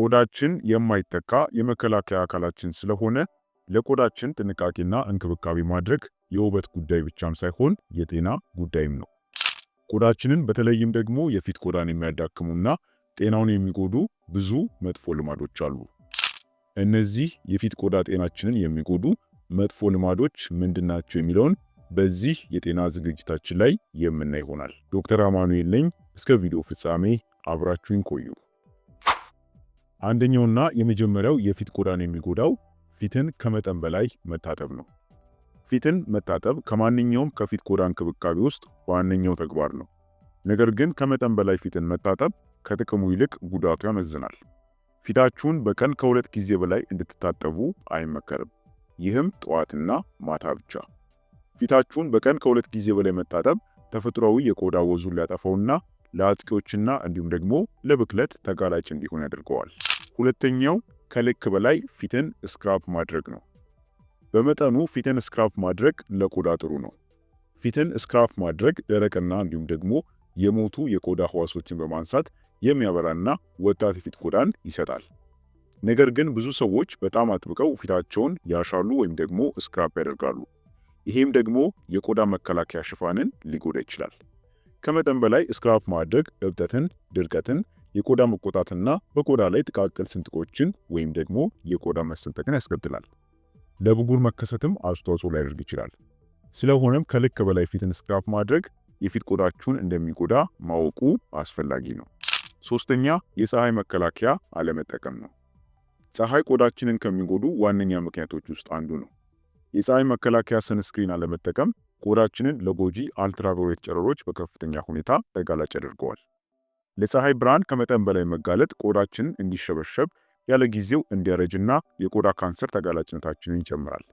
ቆዳችን የማይተካ የመከላከያ አካላችን ስለሆነ ለቆዳችን ጥንቃቄና እንክብካቤ ማድረግ የውበት ጉዳይ ብቻም ሳይሆን የጤና ጉዳይም ነው። ቆዳችንን በተለይም ደግሞ የፊት ቆዳን የሚያዳክሙና ጤናውን የሚጎዱ ብዙ መጥፎ ልማዶች አሉ። እነዚህ የፊት ቆዳ ጤናችንን የሚጎዱ መጥፎ ልማዶች ምንድናቸው የሚለውን በዚህ የጤና ዝግጅታችን ላይ የምናይ ይሆናል። ዶክተር አማኑኤል ነኝ። እስከ ቪዲዮ ፍጻሜ አብራችሁኝ ቆዩ። አንደኛውና የመጀመሪያው የፊት ቆዳን የሚጎዳው ፊትን ከመጠን በላይ መታጠብ ነው። ፊትን መታጠብ ከማንኛውም ከፊት ቆዳ እንክብካቤ ውስጥ ዋነኛው ተግባር ነው። ነገር ግን ከመጠን በላይ ፊትን መታጠብ ከጥቅሙ ይልቅ ጉዳቱ ያመዝናል። ፊታችሁን በቀን ከሁለት ጊዜ በላይ እንድትታጠቡ አይመከርም። ይህም ጠዋትና ማታ ብቻ። ፊታችሁን በቀን ከሁለት ጊዜ በላይ መታጠብ ተፈጥሯዊ የቆዳ ወዙን ሊያጠፋውና ለአጥቂዎችና እንዲሁም ደግሞ ለብክለት ተጋላጭ እንዲሆን ያደርገዋል። ሁለተኛው ከልክ በላይ ፊትን ስክራፕ ማድረግ ነው። በመጠኑ ፊትን ስክራፕ ማድረግ ለቆዳ ጥሩ ነው። ፊትን ስክራፕ ማድረግ ደረቅና እንዲሁም ደግሞ የሞቱ የቆዳ ህዋሶችን በማንሳት የሚያበራና ወጣት የፊት ቆዳን ይሰጣል። ነገር ግን ብዙ ሰዎች በጣም አጥብቀው ፊታቸውን ያሻሉ ወይም ደግሞ ስክራፕ ያደርጋሉ። ይሄም ደግሞ የቆዳ መከላከያ ሽፋንን ሊጎዳ ይችላል። ከመጠን በላይ ስክራፕ ማድረግ እብጠትን፣ ድርቀትን፣ የቆዳ መቆጣትና በቆዳ ላይ ጥቃቅል ስንጥቆችን ወይም ደግሞ የቆዳ መሰንጠቅን ያስከትላል። ለብጉር መከሰትም አስተዋጽኦ ሊያደርግ ይችላል። ስለሆነም ከልክ በላይ ፊትን ስክራፕ ማድረግ የፊት ቆዳችሁን እንደሚጎዳ ማወቁ አስፈላጊ ነው። ሶስተኛ የፀሐይ መከላከያ አለመጠቀም ነው። ፀሐይ ቆዳችንን ከሚጎዱ ዋነኛ ምክንያቶች ውስጥ አንዱ ነው። የፀሐይ መከላከያ ሰንስክሪን አለመጠቀም ቆዳችንን ለጎጂ አልትራቫዮሌት ጨረሮች በከፍተኛ ሁኔታ ተጋላጭ ያደርገዋል። ለፀሐይ ብርሃን ከመጠን በላይ መጋለጥ ቆዳችንን እንዲሸበሸብ ያለ ጊዜው እንዲያረጅና የቆዳ ካንሰር ተጋላጭነታችንን ይጨምራል።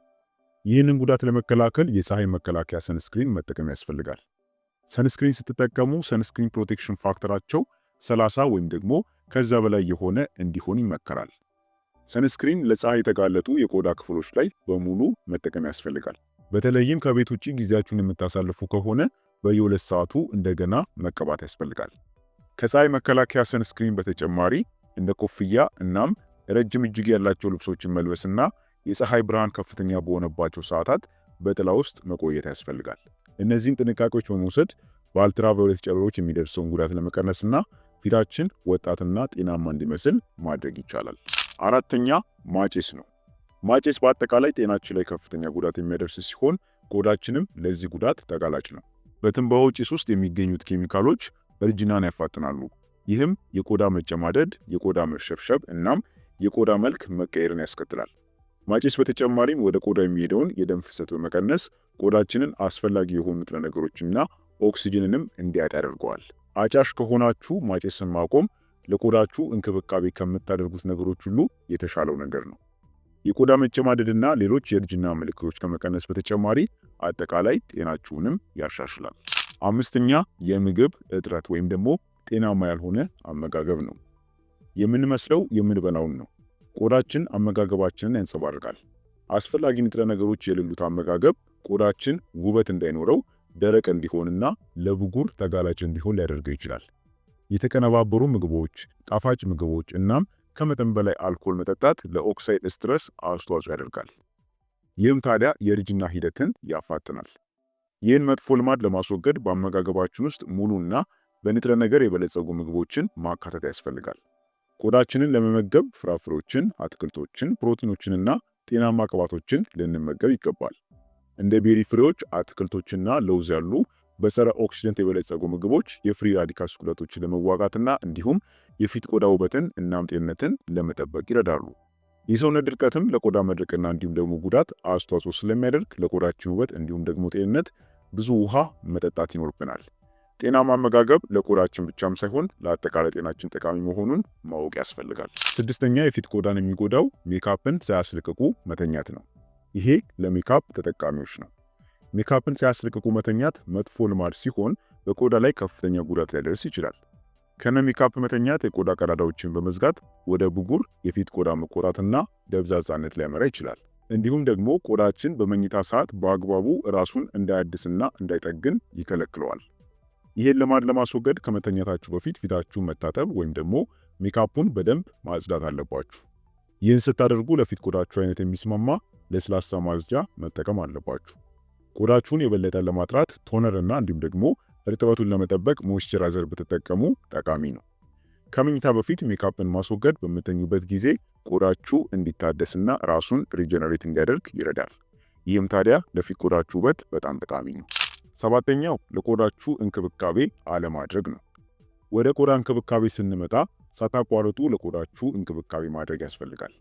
ይህንን ጉዳት ለመከላከል የፀሐይ መከላከያ ሰንስክሪን መጠቀም ያስፈልጋል። ሰንስክሪን ስትጠቀሙ ሰንስክሪን ፕሮቴክሽን ፋክተራቸው 30 ወይም ደግሞ ከዛ በላይ የሆነ እንዲሆን ይመከራል። ሰንስክሪን ለፀሐይ የተጋለጡ የቆዳ ክፍሎች ላይ በሙሉ መጠቀም ያስፈልጋል። በተለይም ከቤት ውጭ ጊዜያችሁን የምታሳልፉ ከሆነ በየሁለት ሰዓቱ እንደገና መቀባት ያስፈልጋል። ከፀሐይ መከላከያ ሰንስክሪን በተጨማሪ እንደ ኮፍያ እናም ረጅም እጅጌ ያላቸው ልብሶችን መልበስና የፀሐይ ብርሃን ከፍተኛ በሆነባቸው ሰዓታት በጥላ ውስጥ መቆየት ያስፈልጋል። እነዚህን ጥንቃቄዎች በመውሰድ በአልትራቫዮሌት ጨረሮች የሚደርሰውን ጉዳት ለመቀነስና ፊታችን ወጣትና ጤናማ እንዲመስል ማድረግ ይቻላል። አራተኛ ማጭስ ነው። ማጨስ በአጠቃላይ ጤናችን ላይ ከፍተኛ ጉዳት የሚያደርስ ሲሆን ቆዳችንም ለዚህ ጉዳት ተጋላጭ ነው። በትንባሆ ጭስ ውስጥ የሚገኙት ኬሚካሎች እርጅናን ያፋጥናሉ። ይህም የቆዳ መጨማደድ፣ የቆዳ መሸብሸብ እናም የቆዳ መልክ መቀየርን ያስከትላል። ማጨስ በተጨማሪም ወደ ቆዳ የሚሄደውን የደም ፍሰት በመቀነስ ቆዳችንን አስፈላጊ የሆኑ ንጥረ ነገሮችና ኦክሲጅንንም እንዲያጣ ያደርገዋል። አጫሽ ከሆናችሁ ማጨስን ማቆም ለቆዳችሁ እንክብካቤ ከምታደርጉት ነገሮች ሁሉ የተሻለው ነገር ነው። የቆዳ መጨማደድና ሌሎች የእርጅና ምልክቶች ከመቀነስ በተጨማሪ አጠቃላይ ጤናችሁንም ያሻሽላል። አምስተኛ የምግብ እጥረት ወይም ደግሞ ጤናማ ያልሆነ አመጋገብ ነው። የምንመስለው የምንበላውን ነው። ቆዳችን አመጋገባችንን ያንጸባርቃል። አስፈላጊ ንጥረ ነገሮች የሌሉት አመጋገብ ቆዳችን ውበት እንዳይኖረው፣ ደረቅ እንዲሆንና ለብጉር ተጋላጭ እንዲሆን ሊያደርገው ይችላል። የተቀነባበሩ ምግቦች፣ ጣፋጭ ምግቦች እናም ከመጠን በላይ አልኮል መጠጣት ለኦክሳይድ ስትረስ አስተዋጽኦ ያደርጋል። ይህም ታዲያ የእርጅና ሂደትን ያፋጥናል። ይህን መጥፎ ልማድ ለማስወገድ በአመጋገባችን ውስጥ ሙሉና በንጥረ ነገር የበለጸጉ ምግቦችን ማካተት ያስፈልጋል። ቆዳችንን ለመመገብ ፍራፍሬዎችን፣ አትክልቶችን፣ ፕሮቲኖችንና ጤናማ ቅባቶችን ልንመገብ ይገባል። እንደ ቤሪ ፍሬዎች፣ አትክልቶችና ለውዝ ያሉ በጸረ ኦክሲደንት የበለጸጉ ምግቦች የፍሪ ራዲካል ጉዳቶችን ለመዋጋትና እንዲሁም የፊት ቆዳ ውበትን እናም ጤንነትን ለመጠበቅ ይረዳሉ። የሰውነት ድርቀትም ለቆዳ መድረቅና እንዲሁም ደግሞ ጉዳት አስተዋጽኦ ስለሚያደርግ ለቆዳችን ውበት እንዲሁም ደግሞ ጤንነት ብዙ ውሃ መጠጣት ይኖርብናል። ጤናማ አመጋገብ ለቆዳችን ብቻም ሳይሆን ለአጠቃላይ ጤናችን ጠቃሚ መሆኑን ማወቅ ያስፈልጋል። ስድስተኛ የፊት ቆዳን የሚጎዳው ሜካፕን ሳያስለቅቁ መተኛት ነው። ይሄ ለሜካፕ ተጠቃሚዎች ነው። ሜካፕን ሳያስለቅቁ መተኛት መጥፎ ልማድ ሲሆን በቆዳ ላይ ከፍተኛ ጉዳት ሊያደርስ ይችላል። ከነ ሜካፕ መተኛት የቆዳ ቀዳዳዎችን በመዝጋት ወደ ብጉር፣ የፊት ቆዳ መቆጣትና ደብዛዛነት ሊያመራ ይችላል። እንዲሁም ደግሞ ቆዳችን በመኝታ ሰዓት በአግባቡ ራሱን እንዳያድስና እንዳይጠግን ይከለክለዋል። ይህን ልማድ ለማስወገድ ከመተኛታችሁ በፊት ፊታችሁን መታጠብ ወይም ደግሞ ሜካፑን በደንብ ማጽዳት አለባችሁ። ይህን ስታደርጉ ለፊት ቆዳችሁ አይነት የሚስማማ ለስላሳ ማጽጃ መጠቀም አለባችሁ። ቆዳችሁን የበለጠ ለማጥራት ቶነር እና እንዲሁም ደግሞ እርጥበቱን ለመጠበቅ ሞይስቸራይዘር ብትጠቀሙ ጠቃሚ ነው። ከመኝታ በፊት ሜካፕን ማስወገድ በምተኙበት ጊዜ ቆዳችሁ እንዲታደስና ራሱን ሪጀነሬት እንዲያደርግ ይረዳል። ይህም ታዲያ ለፊት ቆዳችሁ ውበት በጣም ጠቃሚ ነው። ሰባተኛው ለቆዳችሁ እንክብካቤ አለማድረግ ነው። ወደ ቆዳ እንክብካቤ ስንመጣ ሳታቋርጡ ለቆዳችሁ እንክብካቤ ማድረግ ያስፈልጋል።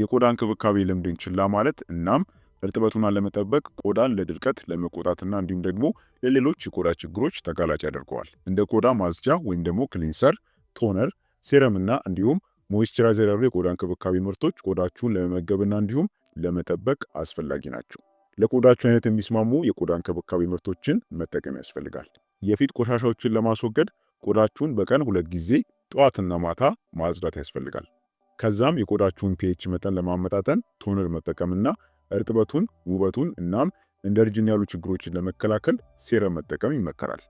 የቆዳ እንክብካቤ ልምድን ችላ ማለት እናም እርጥበቱን ለመጠበቅ ቆዳን ለድርቀት ለመቆጣትና እንዲሁም ደግሞ ለሌሎች የቆዳ ችግሮች ተጋላጭ ያደርገዋል። እንደ ቆዳ ማጽጃ ወይም ደግሞ ክሊንሰር፣ ቶነር፣ ሴረም እና እንዲሁም ሞይስቸራይዘር ያሉ የቆዳ እንክብካቤ ምርቶች ቆዳችሁን ለመመገብና እንዲሁም ለመጠበቅ አስፈላጊ ናቸው። ለቆዳችሁ አይነት የሚስማሙ የቆዳ እንክብካቤ ምርቶችን መጠቀም ያስፈልጋል። የፊት ቆሻሻዎችን ለማስወገድ ቆዳችሁን በቀን ሁለት ጊዜ ጠዋትና ማታ ማጽዳት ያስፈልጋል። ከዛም የቆዳችሁን ፒኤች መጠን ለማመጣጠን ቶነር መጠቀምና እርጥበቱን፣ ውበቱን እናም እንደርጅን ያሉ ችግሮችን ለመከላከል ሴረም መጠቀም ይመከራል።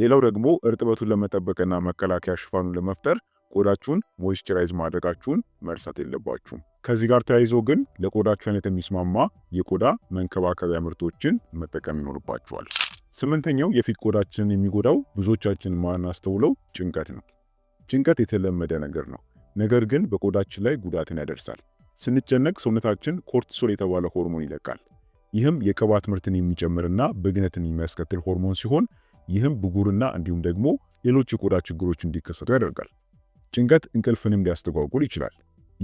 ሌላው ደግሞ እርጥበቱን ለመጠበቅና መከላከያ ሽፋኑን ለመፍጠር ቆዳችሁን ሞይስቸራይዝ ማድረጋችሁን መርሳት የለባችሁም። ከዚህ ጋር ተያይዞ ግን ለቆዳችሁ አይነት የሚስማማ የቆዳ መንከባከቢያ ምርቶችን መጠቀም ይኖርባችኋል። ስምንተኛው የፊት ቆዳችንን የሚጎዳው ብዙዎቻችን ማናስተውለው ጭንቀት ነው። ጭንቀት የተለመደ ነገር ነው፣ ነገር ግን በቆዳችን ላይ ጉዳትን ያደርሳል። ስንጨነቅ ሰውነታችን ኮርቲሶል የተባለ ሆርሞን ይለቃል። ይህም የቅባት ምርትን የሚጨምርና ብግነትን የሚያስከትል ሆርሞን ሲሆን ይህም ብጉርና እንዲሁም ደግሞ ሌሎች የቆዳ ችግሮች እንዲከሰቱ ያደርጋል። ጭንቀት እንቅልፍንም ሊያስተጓጉል ይችላል።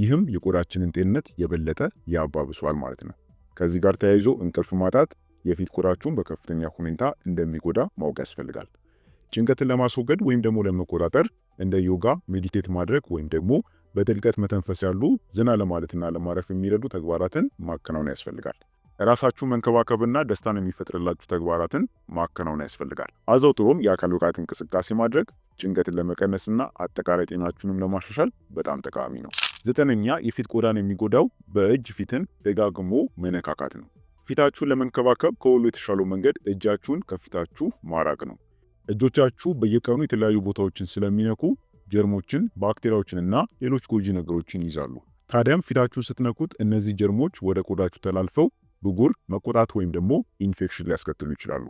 ይህም የቆዳችንን ጤንነት የበለጠ ያባብሷል ማለት ነው። ከዚህ ጋር ተያይዞ እንቅልፍ ማጣት የፊት ቆዳችሁን በከፍተኛ ሁኔታ እንደሚጎዳ ማወቅ ያስፈልጋል። ጭንቀትን ለማስወገድ ወይም ደግሞ ለመቆጣጠር እንደ ዮጋ፣ ሜዲቴት ማድረግ ወይም ደግሞ በጥልቀት መተንፈስ ያሉ ዘና ለማለትና ለማረፍ የሚረዱ ተግባራትን ማከናወን ያስፈልጋል። ራሳችሁ መንከባከብና ደስታን የሚፈጥርላችሁ ተግባራትን ማከናወን ያስፈልጋል። አዘውትሮም የአካል ብቃት እንቅስቃሴ ማድረግ ጭንቀትን ለመቀነስና አጠቃላይ ጤናችሁንም ለማሻሻል በጣም ጠቃሚ ነው። ዘጠነኛ የፊት ቆዳን የሚጎዳው በእጅ ፊትን ደጋግሞ መነካካት ነው። ፊታችሁን ለመንከባከብ ከሁሉ የተሻለው መንገድ እጃችሁን ከፊታችሁ ማራቅ ነው። እጆቻችሁ በየቀኑ የተለያዩ ቦታዎችን ስለሚነኩ ጀርሞችን፣ ባክቴሪያዎችንና ሌሎች ጎጂ ነገሮችን ይይዛሉ። ታዲያም ፊታችሁን ስትነኩት እነዚህ ጀርሞች ወደ ቆዳችሁ ተላልፈው ብጉር፣ መቆጣት ወይም ደግሞ ኢንፌክሽን ሊያስከትሉ ይችላሉ።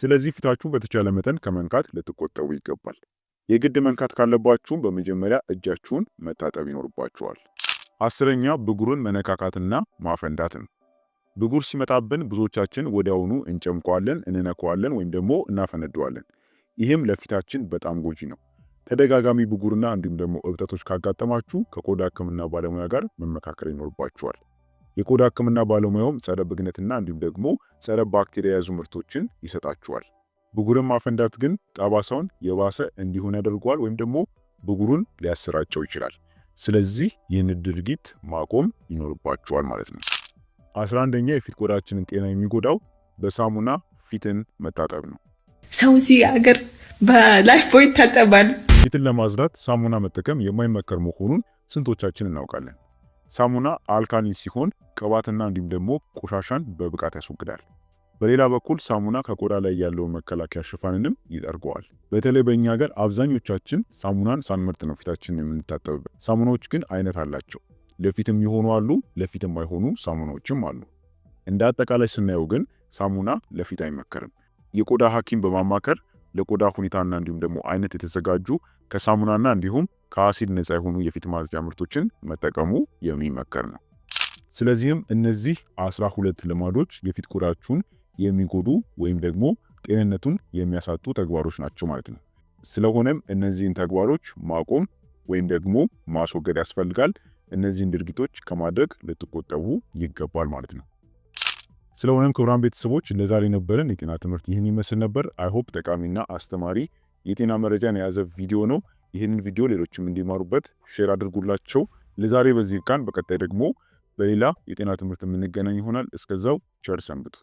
ስለዚህ ፊታችሁን በተቻለ መጠን ከመንካት ልትቆጠቡ ይገባል። የግድ መንካት ካለባችሁም በመጀመሪያ እጃችሁን መታጠብ ይኖርባችኋል። አስረኛ ብጉርን መነካካትና ማፈንዳት ነው። ብጉር ሲመጣብን ብዙዎቻችን ወዲያውኑ እንጨምቀዋለን፣ እንነከዋለን ወይም ደግሞ እናፈነደዋለን። ይህም ለፊታችን በጣም ጎጂ ነው። ተደጋጋሚ ብጉርና እንዲሁም ደግሞ እብጠቶች ካጋጠማችሁ ከቆዳ ህክምና ባለሙያ ጋር መመካከል ይኖርባችኋል። የቆዳ ህክምና ባለሙያውም ጸረ ብግነትና እንዲሁም ደግሞ ጸረ ባክቴሪያ የያዙ ምርቶችን ይሰጣችኋል። ብጉርን ማፈንዳት ግን ጠባሳውን የባሰ እንዲሆን ያደርገዋል ወይም ደግሞ ብጉሩን ሊያሰራጨው ይችላል። ስለዚህ ይህን ድርጊት ማቆም ይኖርባችኋል ማለት ነው። አስራ አንደኛ የፊት ቆዳችንን ጤና የሚጎዳው በሳሙና ፊትን መታጠብ ነው። ሰው እዚህ ሀገር በላይፍ ቦይ ይታጠባል። ፊትን ለማጽዳት ሳሙና መጠቀም የማይመከር መሆኑን ስንቶቻችን እናውቃለን? ሳሙና አልካሊን ሲሆን ቅባትና እንዲሁም ደግሞ ቆሻሻን በብቃት ያስወግዳል። በሌላ በኩል ሳሙና ከቆዳ ላይ ያለውን መከላከያ ሽፋንንም ይጠርገዋል። በተለይ በእኛ ሀገር አብዛኞቻችን ሳሙናን ሳንመርጥ ነው ፊታችን የምንታጠብበት። ሳሙናዎች ግን አይነት አላቸው። ለፊትም የሆኑ አሉ፣ ለፊትም አይሆኑ ሳሙናዎችም አሉ። እንደ አጠቃላይ ስናየው ግን ሳሙና ለፊት አይመከርም። የቆዳ ሐኪም በማማከር ለቆዳ ሁኔታና እንዲሁም ደግሞ አይነት የተዘጋጁ ከሳሙናና እንዲሁም ከአሲድ ነፃ የሆኑ የፊት ማጽጃ ምርቶችን መጠቀሙ የሚመከር ነው። ስለዚህም እነዚህ አስራ ሁለት ልማዶች የፊት ቆዳችሁን የሚጎዱ ወይም ደግሞ ጤንነቱን የሚያሳጡ ተግባሮች ናቸው ማለት ነው። ስለሆነም እነዚህን ተግባሮች ማቆም ወይም ደግሞ ማስወገድ ያስፈልጋል። እነዚህን ድርጊቶች ከማድረግ ልትቆጠቡ ይገባል ማለት ነው። ስለሆነም ክቡራን ቤተሰቦች ለዛሬ ነበረን የጤና ትምህርት ይህን ይመስል ነበር። አይሆፕ ጠቃሚና አስተማሪ የጤና መረጃን የያዘ ቪዲዮ ነው። ይህንን ቪዲዮ ሌሎችም እንዲማሩበት ሼር አድርጉላቸው። ለዛሬ በዚህ ቃን፣ በቀጣይ ደግሞ በሌላ የጤና ትምህርት የምንገናኝ ይሆናል። እስከዛው ቸር ሰንብቱ።